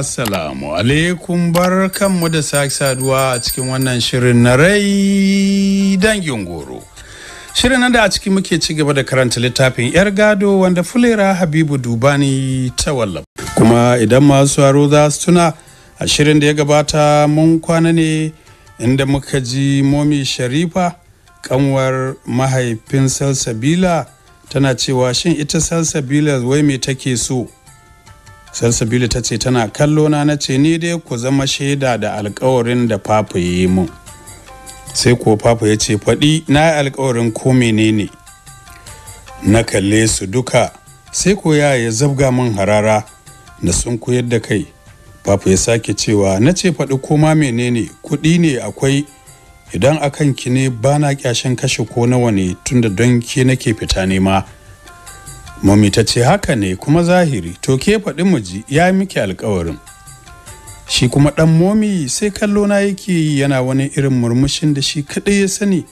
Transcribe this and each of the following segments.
Assalamu alaikum bar kanmu da sake saduwa a cikin wannan shirin na rai dangin goro. Shirin nan da a ciki muke ci gaba da karanta littafin 'yar gado wanda fulera Habibu Dubani ta wallafa. Kuma idan masu haro za su tuna a shirin da ya gabata mun kwana ne inda muka ji momi Sharifa kanwar mahaifin Salsabila tana cewa shin ita Salsabila wai me take so? salsabila ta ce tana kallo na ce ni dai ku zama shaida da alkawarin da papa ya yi mu sai ko papa ya ce faɗi na yi alkawarin ko menene na kalle su duka sai ko ya ya zabga min harara da sun koyar da kai papa ya sake cewa na ce faɗi ko ma menene kuɗi ne akwai idan akan ki ne ba na ƙyashin kashe ko nawa ne tunda don ke nake fita nema. ma Mami ta ce haka ne kuma zahiri to ke faɗi miji ya miki alkawarin. Shi kuma ɗan momi sai kallo na yake yi yana wani irin murmushin da shi kaɗai ya sani.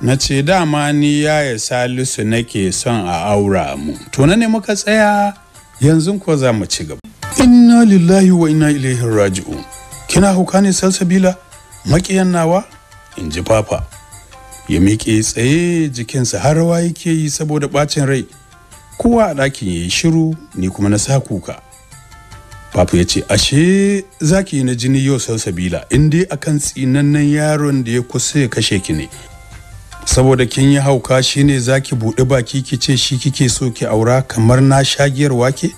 Na ce dama ni yi salisu nake son a aura mu. To na ne muka tsaya yanzu ko za mu ci gaba. Inna lillahi wa inna ilaihi raji'un. Kina hauka ne salsabila maƙiyan nawa? In ji papa. Ya miƙe tsaye jikinsa har rawa yake yi saboda ɓacin rai. kowa a ɗakin ya yi shiru ni kuma na sa kuka Papa ya ce, Ashe za ki yi na jini yau salsabila, in dai akan tsinannen yaron da ya kusa ya kashe ki ne. Saboda kin yi hauka shi ne za ki buɗe baki ki ce shi kike so ki aura kamar na shagiyar wake?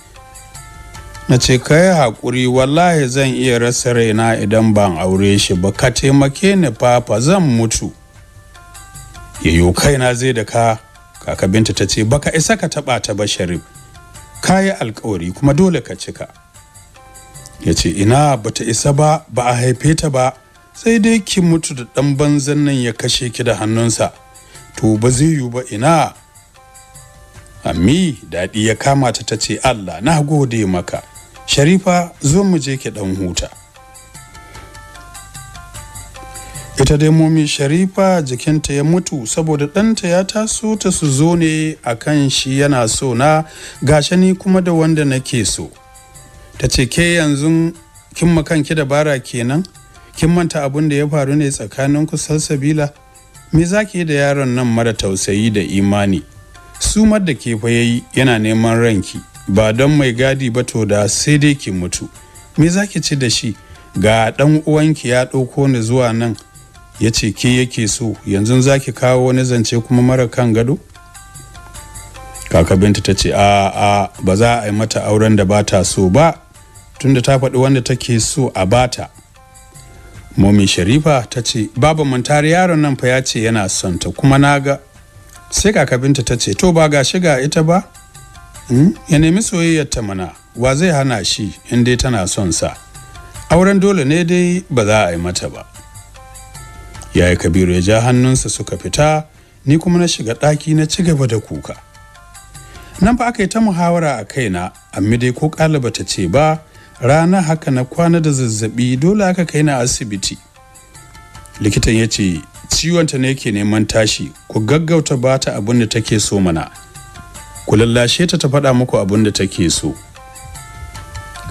Na ce, kai haƙuri, wallahi zan iya rasa raina idan ban aure shi ba, ka taimake ni papa zan mutu. Yayo kaina zai da ka kaka binta ta ce baka isa ka taɓa ta ba sharif ka yi alkawari kuma dole ka cika ya ce ina bata isa ba ba a haife ta ba sai dai ki mutu da ɗan banzan nan ya kashe ki da hannunsa to ba zai yiwu ba ina ammi daɗi ya kama ta ta ce allah na gode maka sharifa zo mu je ki ɗan huta ita dai momi sharifa jikinta ya mutu saboda ɗanta ya taso ta su zo ne a kan shi yana so na gashe ni kuma da wanda nake so ta ce ke yanzu kin makanki dabara kenan kin manta abun da ya faru ne tsakanin tsakaninku salsabila me za ki yi da yaron nan mara tausayi da imani sumar da ke yayi yana neman ranki ba don mai gadi ba to da sai dai ki mutu me za ki ci da shi ga ɗan uwanki ya ɗauko ni zuwa nan ya ce ke yake so yanzu za ki kawo wani zance kuma mara kan gado Kakabinta ta ce a a ba za a yi mata auren da bata so ba tunda ta faɗi wanda take so a bata momi sharifa ta ce babu mantari yaron nan fa ya ce yana son kuma na ga sai Kakabinta ta ce to ba ga shiga ita ba hmm? ya nemi soyayyar ta mana wa zai hana shi in dai tana son sa auren dole ne dai ba za a yi mata ba yaya kabiru ya ja hannunsa suka fita ni kuma na shiga ɗaki na ci gaba da kuka nan fa aka yi ta muhawara a kaina amma dai ko ƙalaba ta ce ba rana haka na kwana da zazzabi dole aka kai na asibiti likitan ya ce ciwonta ne yake neman tashi ku gaggauta ba ta abin da take so mana ku lallashe ta ta faɗa muku abin da take so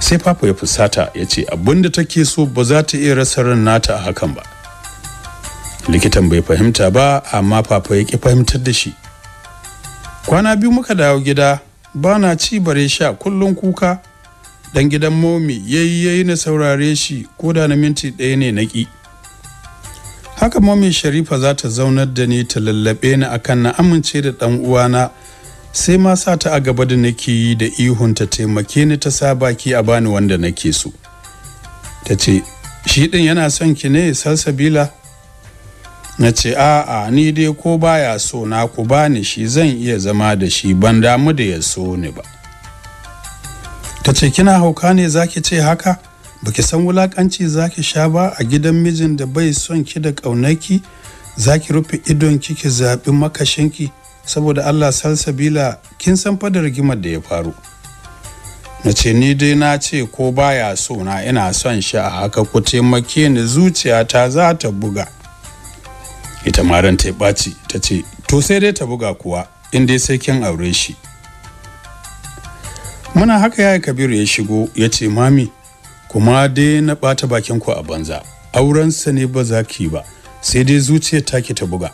sai papa ya fusata ya ce abin da take so ba za ta iya rasa ran nata a hakan ba likitan bai fahimta ba amma papa ya ki fahimtar da shi kwana biyu muka dawo gida bana ci bare sha kullum kuka dan gidan momi yayi yayi na saurare shi ko da na minti ɗaya ne na ƙi haka momi sharifa za ta zaunar da ni ta lallaɓe ni akan na amince da ɗan uwana sai ma sa ta a gaba da nake yi da ihun ta taimake ni ta sa baki a bani wanda nake so ta ce shi ɗin yana son ki ne salsabila na ce a'a ni dai ko baya so na ku bani shi zan iya zama da shi ban damu da ya so ni ba ta ce kina hauka ne zaki ce haka baki san wulakanci zaki sha ba a gidan mijin da bai son ki da ƙaunaki zaki rufe idon ki ki zaɓi makashinki saboda Allah salsabila kin san fadar rigimar da ya faru na ce ni dai na ce ko baya so na ina son shi a haka ku taimake ni zuciyata za ta buga ita ma ran tai ɓaci ta ce to sai dai ta buga kuwa in dai sai kin aure shi muna haka yaya kabiru ya shigo ya ce mami kuma dai na ɓata bakin ku a banza aurensa ne ba za ki ba sai dai zuciyar ta ki ta buga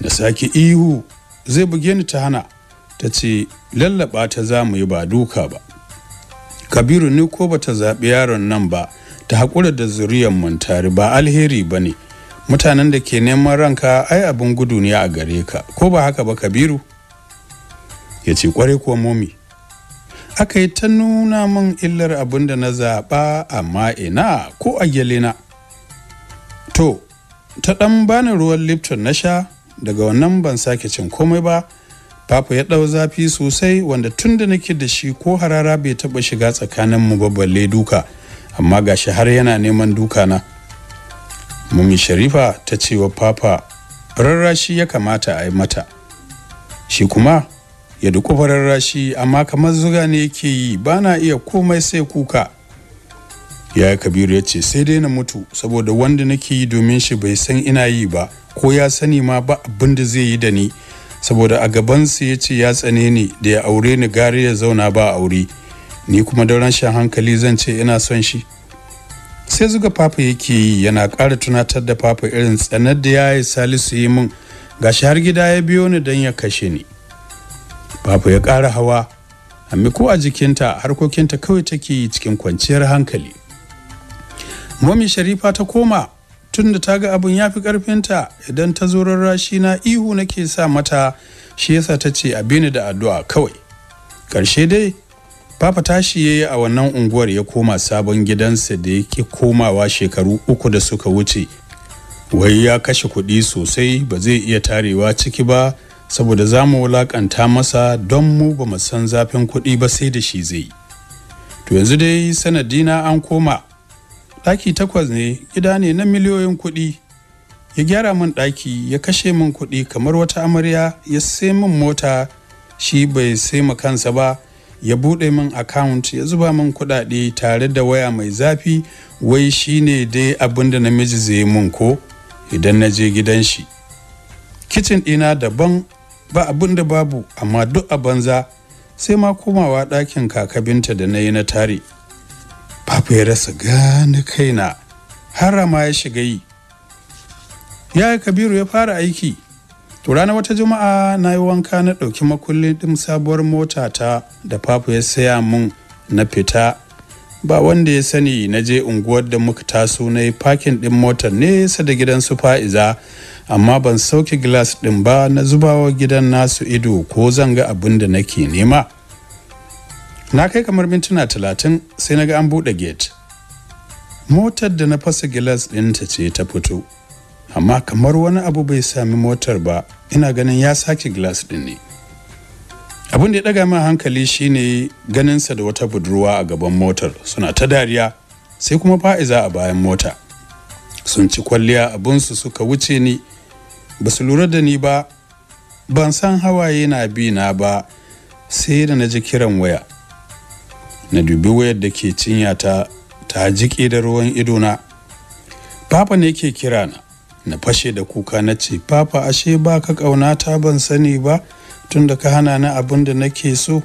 na saki ihu zai buge ni ta hana ta ce lallaba ta za mu yi ba duka ba kabiru ni ko ba ta zaɓi yaron nan ba ta haƙura da zuriyar tare ba alheri ba ne mutanen da ke neman ranka ai abin gudu ne a gare ka ko ba haka ba kabiru ya ce kwarai kuwa momi aka yi ta nuna min illar abin da na zaɓa amma ina ko a na. to ta ɗan bani ruwan lipton na sha daga wannan ban sake cin komai ba Papa ya ɗau zafi sosai wanda tun da nake da shi ko harara bai taɓa shiga tsakanin mu duka amma gashi har yana neman duka na. mummy sharifa ta ce wa papa rarrashi ya kamata a yi mata shi kuma ya duku rarrashi amma kamar zuga ne yake yi ba na iya komai sai kuka ya kabiru ya ce sai dai na mutu saboda wanda nake yi domin shi bai san ina yi ba ko ya sani ma ba abin da zai yi da ni saboda a gabansu ya ce ya tsane ni da ya aure ni gari ya zauna ba aure ni kuma da shan hankali zan ce ina son shi sai zuga fafa yake yi yana ƙara tunatar da fafa irin tsanar da ya yi salisu yi min gashi har gida ya biyo ni don ya kashe ni fafa ya ƙara hawa amma ko a jikinta harkokinta kawai take yi cikin kwanciyar hankali Mami sharifa ta koma tun da ta ga abin ya fi ƙarfinta idan ta zo rarrashi na ihu nake sa mata shi yasa ta ce a ni da addu'a kawai ƙarshe dai Papa tashi ya yi a wannan unguwar ya koma sabon gidansa da yake komawa shekaru uku da suka wuce. Wai ya kashe kuɗi sosai ba zai iya tarewa ciki ba saboda za mu wulaƙanta masa don mu ba mu san zafin kuɗi ba sai da shi zai. To yanzu dai sanadina an koma. Ɗaki takwas ne, gida ne na miliyoyin kuɗi. Ya gyara min ɗaki, ya kashe min kuɗi kamar wata amarya, ya sai min mota, shi bai sai kansa ba. ya buɗe min account ya zuba min kuɗaɗe tare da waya mai zafi wai shine dai abinda namiji zai mun ko idan na je gidan shi kicin ɗina daban ba abin babu amma duk a banza sai ma komawa ɗakin binta da na yi na tare Papa ya rasa gane kaina har ma ya shiga yi. Yaya Kabiru ya fara aiki to ranar wata juma'a na yi wanka na ɗauki makullin ɗin sabuwar mota ta da fafu ya saya mun na fita ba wanda ya sani na je unguwar da muka taso na yi fakin ɗin motar nesa da gidan su fa'iza amma ban sauke glass ɗin ba na zubawa gidan nasu ido ko zanga abin da nake nema na kai kamar mintuna talatin sai na ga an buɗe gate motar da na fasa gilas ɗinta ce ta fito amma kamar wani abu bai sami motar ba ina ganin ya sake glass din ne abin da ya daga min hankali shine ganinsa da wata budurwa a gaban motar suna ta dariya sai kuma fa'iza a bayan mota sun ci kwalliya abinsu suka wuce ni ba su lura da ni ba ban san hawaye na bi na ba sai da na ji kiran waya na dubi wayar da ke cinya ta ta jiƙe da ruwan idona papa ne ke kira na na fashe da kuka na ce papa ashe ba ka ƙaunata ban sani ba tun da ka hana ni abin da nake so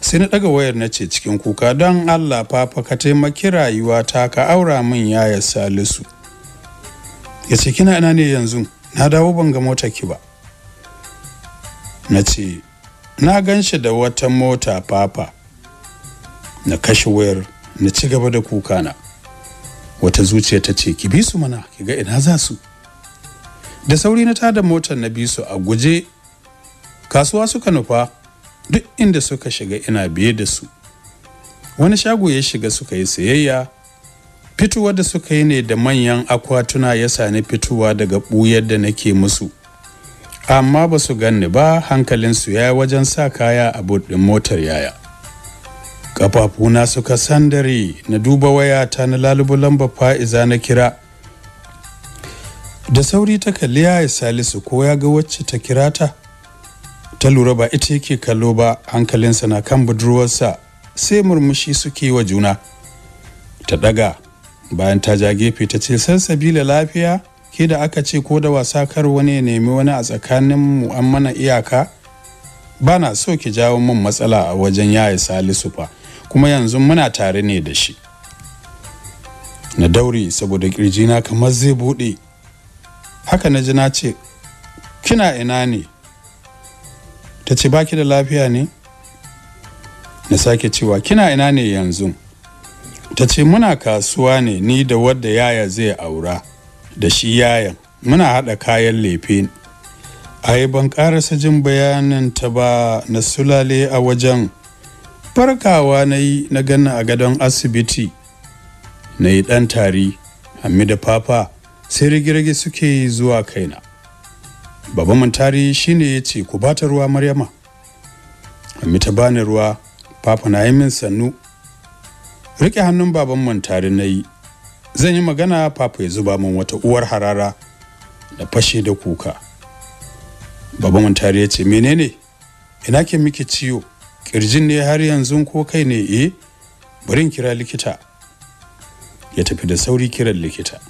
sai na ɗaga wayar na ce cikin kuka don allah papa ka taimaki ta ka aura min yaya salisu ya ce kina ina ne yanzu na dawo ban ga mota ki ba na ce na gan shi da wata mota papa na kashe wayar na ci gaba da kuka na wata zuciya ta ce ki bi su mana ki ga ina za su da sauri na tada motar na bi su a guje kasuwa suka nufa duk inda suka shiga ina biye da su wani shago ya shiga suka yi sayayya fituwa da suka yi ne da manyan akwatuna ya sani fitowa daga ɓuyar da nake musu amma ba su ganni ba hankalinsu ya wajen sa kaya a buɗin motar yaya kafafuna suka sandare na duba wayata na lalubu lamba fa'iza na kira da sauri ta kalli ya salisu ko ya ga wacce ta kira ta ta lura ba ita yake kallo ba hankalinsa na kan budurwarsa sai murmushi suke wa juna ta daga bayan ta ja gefe ta ce sansabila lafiya ke da aka ce ko da wasa kar wani ya nemi wani a tsakanin mu an mana iyaka bana so ki jawo min matsala a wajen yaya salisu fa kuma yanzu muna tare ne da shi na daure saboda kirjina kamar zai buɗe haka na ji na ce kina ina ne ta ce baki da lafiya ne na sake cewa kina ina ne yanzu ta ce muna kasuwa ne ni da wadda yaya zai aura da shi yayan muna haɗa kayan lefe A yi ban karasa jin bayanin ta ba na sulale a wajen farkawa na yi na ganna a gadon asibiti na yi ɗan tari da papa sai rigirage suke zuwa kaina Babban tari shine ya ce ku bata ruwa maryama ta bani ruwa papa na yi min sannu riƙe hannun babban tari na yi zan yi magana papa ya zuba min wata uwar harara da fashe da kuka Babban tari ya ce menene ina ke miki ciwo kirjin ne har yanzu ko kai ne e bari kira likita ya tafi da sauri kiran likita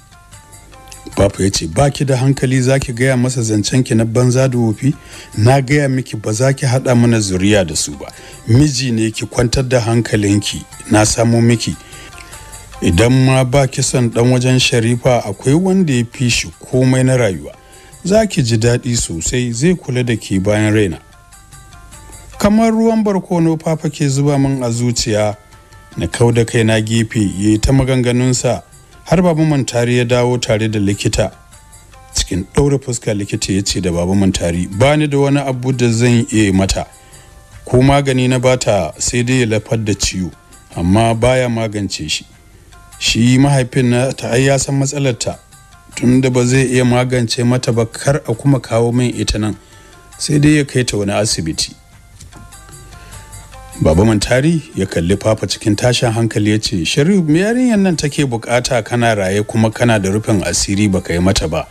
Papa ya ce ba ki da hankali za ki gaya masa zancen ki na banza da wofi na gaya miki ba za ki haɗa mana zuriya da su ba miji ne ki kwantar da hankalinki na samo miki idan ma ba ki son dan wajen sharifa akwai wanda ya fi shi komai na rayuwa za ki ji daɗi sosai zai kula da ki bayan raina kamar ruwan barkono fafa ke zuba min a zuciya na kau da kai na gefe ya yi ta maganganunsa har baba mantari ya dawo tare da likita cikin ɗaura fuska likita ya ce da babu mantari ba ni da wani abu da zan iya mata ko magani na bata sai dai ya lafar da ciwo amma baya magance shi shi mahaifin na ta ai ya san matsalarta tun da ba zai iya magance mata ba kar a kuma kawo min ita nan sai dai ya kai ta wani asibiti Baba Mantari ya kalli Papa cikin tashin hankali ya ce, Sharif, me yarinyar nan take bukata kana raye kuma kana da rufin asiri baka yi mata ba.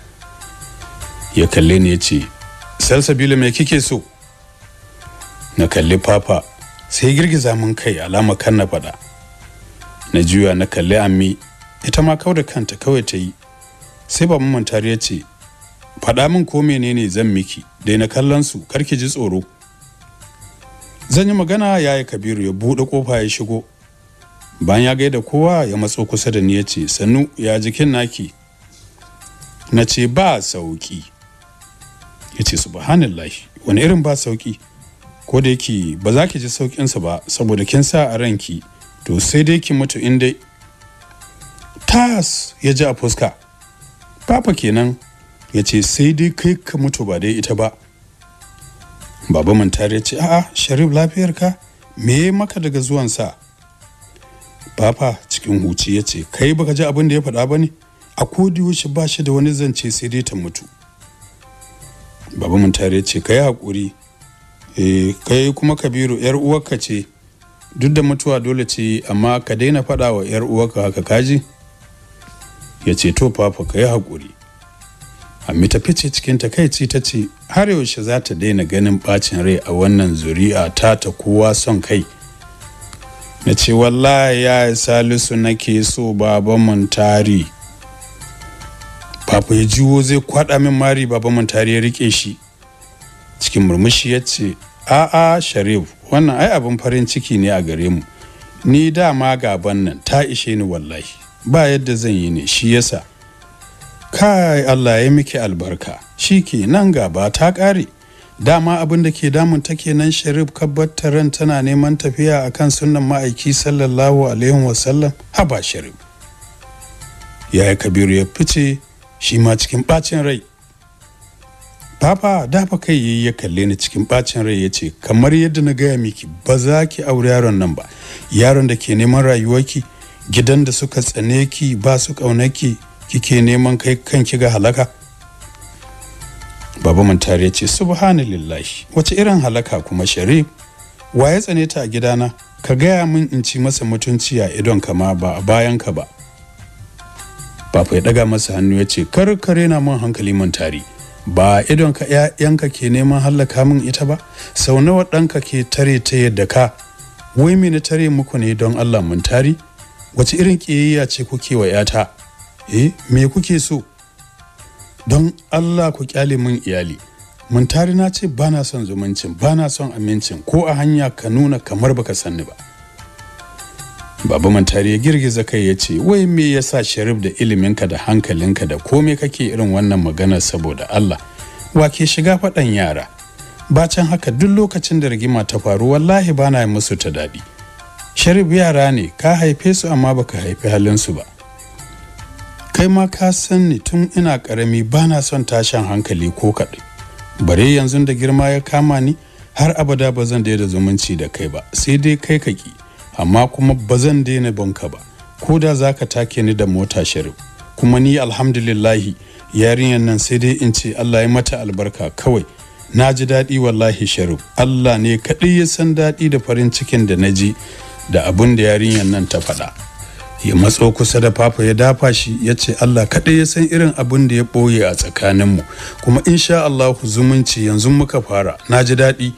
Ya kalle ni ya ce, Salsabila me kike so? Na kalli Papa sai girgiza mun kai alama kan na faɗa. Na juya na kalli Ammi, ita ma kau da kanta kawai ta yi. Sai Baba Mantari ya ce, Faɗa min ko menene zan miki, dai na kallon su, karki ji tsoro. zan yi magana ya yi kabiru ya buɗe kofa ya shigo bayan ya gaida kowa ya matso kusa da ni ya ce sannu ya jikin naki na ce ba sauƙi. ya ce subhanallah wani irin ba sauki ko da yake ba za ki ji sauƙinsa ba saboda kin sa a ranki to sai dai ki mutu in dai tas ya ji a fuska papa kenan ya ce sai dai kai ka mutu ba dai ita ba baba mantar ya ce a'a sharif lafiyarka me maka daga zuwansa papa cikin huci ya ce kai baka ji abin da ya faɗa ba ne a kodiyoshi ba shi da wani zance sai dai ta mutu baba mantar ya ce kai haƙuri e, kai kuma kabiru yar uwarka ce duk da mutuwa dole ce amma ka daina faɗa wa yar uwarka haka kaji ya ce to papa kai haƙuri amma ta fice cikin takaici ta ce har yaushe za ta daina ganin bacin rai a wannan zuri'a ta ta kowa son kai na ce wallahi ya salisu nake so baban mun tari Papa ya jiwo zai kwada min mari baban mun tari ya rike shi cikin murmushi ya ce a'a sharif wannan ai abin farin ciki ne a gare mu ni dama gaban nan ta ishe ni wallahi ba yadda zan yi ne shi yasa kai Allah ya miki albarka shi ke nan gaba ta ƙare dama abin da ke damun ta kenan sharif kabbatar ran tana neman tafiya akan sunan ma'aiki sallallahu alaihi wasallam haba sharif yaya kabiru ya fice shi ma cikin bacin rai Papa dafa kai yayi ya kalle ni cikin bacin rai yace kamar yadda na gaya miki ba za ki aure yaron nan ba yaron da ke neman rayuwarki gidan da suka tsane ki ba su ki. kike neman kai kanki ga halaka baba mantari ya ce subhanallahi wace irin halaka kuma sharif Waye ya tsane ta a gidana ka gaya min in ci masa mutunci a idon kama ba a bayan ka ba Bafa ya daga masa hannu ya ce kar ka rena min hankali mantari ba idon ka yanka ke neman halaka min ita ba sau nawa ɗanka ke tare ta yadda ka wai me na tare muku ne don Allah mun tari wace irin ƙiyayya ce kuke wa yata eh me kuke so don allah ku kyale min iyali mun tare na ce ba na son zumuncin ba na son amincin ko a hanya ka nuna kamar baka sanni ba Baba Mantari ya girgiza kai ya ce, Wai me yasa sharif da iliminka da hankalinka da komai kake irin wannan maganar saboda Allah, wake shiga faɗan yara. Ba can haka duk lokacin da rigima ta faru wallahi bana musu ta daɗi. Sharif yara ne, ka haife su amma baka haifi su ba. kai ma ka san ni tun ina karami ba na son tashin hankali ko kaɗai bare yanzu da girma ya kama ni har abada ba zan daina zumunci da kai ba sai dai kai ka ki amma kuma ba zan daina banka ba ko da za ka take ni da mota sharif kuma ni alhamdulillahi yarinyar nan sai dai in ce allah ya mata albarka kawai na ji daɗi wallahi sharif allah ne kaɗai ya san daɗi da farin cikin da na ji da abin da yarinyar nan ta faɗa. ya matso kusa da papa ya dafa shi ya ce Allah kaɗai ya san irin abin da ya ɓoye a tsakaninmu kuma insha Allah zumunci yanzu muka fara na ji daɗi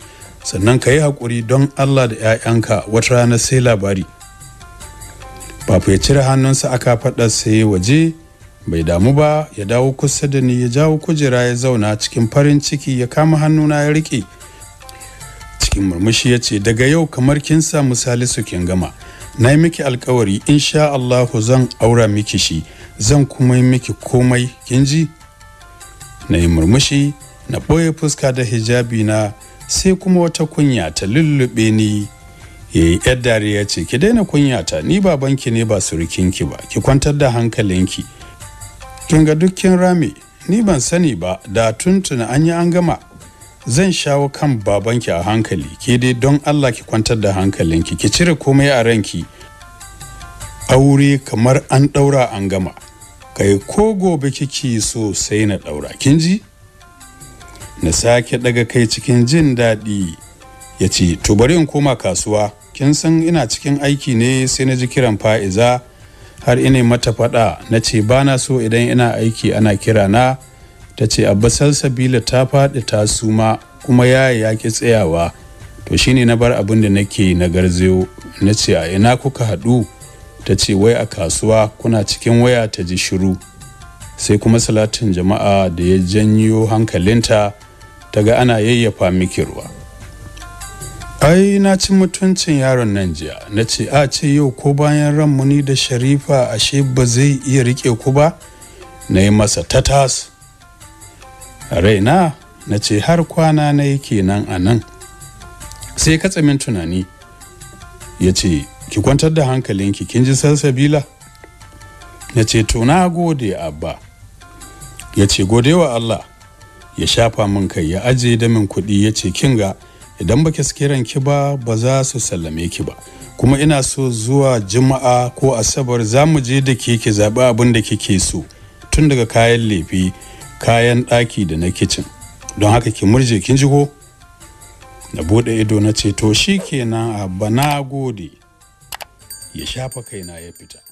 sannan ka yi haƙuri don Allah da 'ya'yanka wata rana sai labari fafa ya cire hannunsa aka faɗa sai waje bai damu ba ya dawo kusa da ni ya jawo kujera ya zauna cikin farin ciki ya kama hannuna ya riƙe cikin murmushi ya ce daga yau kamar kin sa misali salisu kin gama na yi miki alkawari in sha Allahu zan aura miki shi zan kuma yi miki komai kin ji na yi murmushi na ɓoye fuska da hijabi na sai kuma wata kunya ta lullube ni ya eh, yi yar dariya ce ki daina kunya ta ni babanki ne ba surukinki ba ki kwantar da hankalinki kin ga dukkin rami ni ban sani ba da tuntuna an yi an gama zan shawo kan babanki a hankali ke dai don allah ki kwantar da hankalinki ki cire komai a ranki aure kamar an ɗaura an gama kai ko gobe kiki so sai na ɗaura kin ji na sake daga kai cikin jin daɗi ya ce to bari in koma kasuwa kin san ina cikin aiki ne sai na ji kiran fa'iza har ina mata faɗa na ce ba na so idan ina aiki ana kira na ta ce abba salsabila ta faɗi ta suma kuma yaya ya yaƙi tsayawa to shine na bar abin da nake na garzayo na ce a ina kuka haɗu ta ce wai a kasuwa kuna cikin waya ta ji shiru sai kuma salatin jama'a da ya janyo hankalinta ta ga ana yayyafa miki ruwa ai na ci mutuncin yaron nan jiya na ce a ce yau ko bayan ran muni da sharifa ashe ba zai iya rike ku ba na yi masa tatas raina na ce har kwana na yake nan a nan sai ka tsamin tunani ya ce ki kwantar da hankalinki kin ji salsabila na ce to na gode abba ya ce gode wa allah ya shafa min kai ya aje da min kuɗi ya ce kin ga idan ba ki kiran ki ba ba za su sallame ki ba kuma ina so zuwa juma'a ko asabar za mu je da ke ki zaɓi abin da kike so tun daga kayan lefe kayan ɗaki da na kicin don haka ki murje kin jigo na buɗe ido na ce to shi kenan abba na gode ya shafa kaina ya fita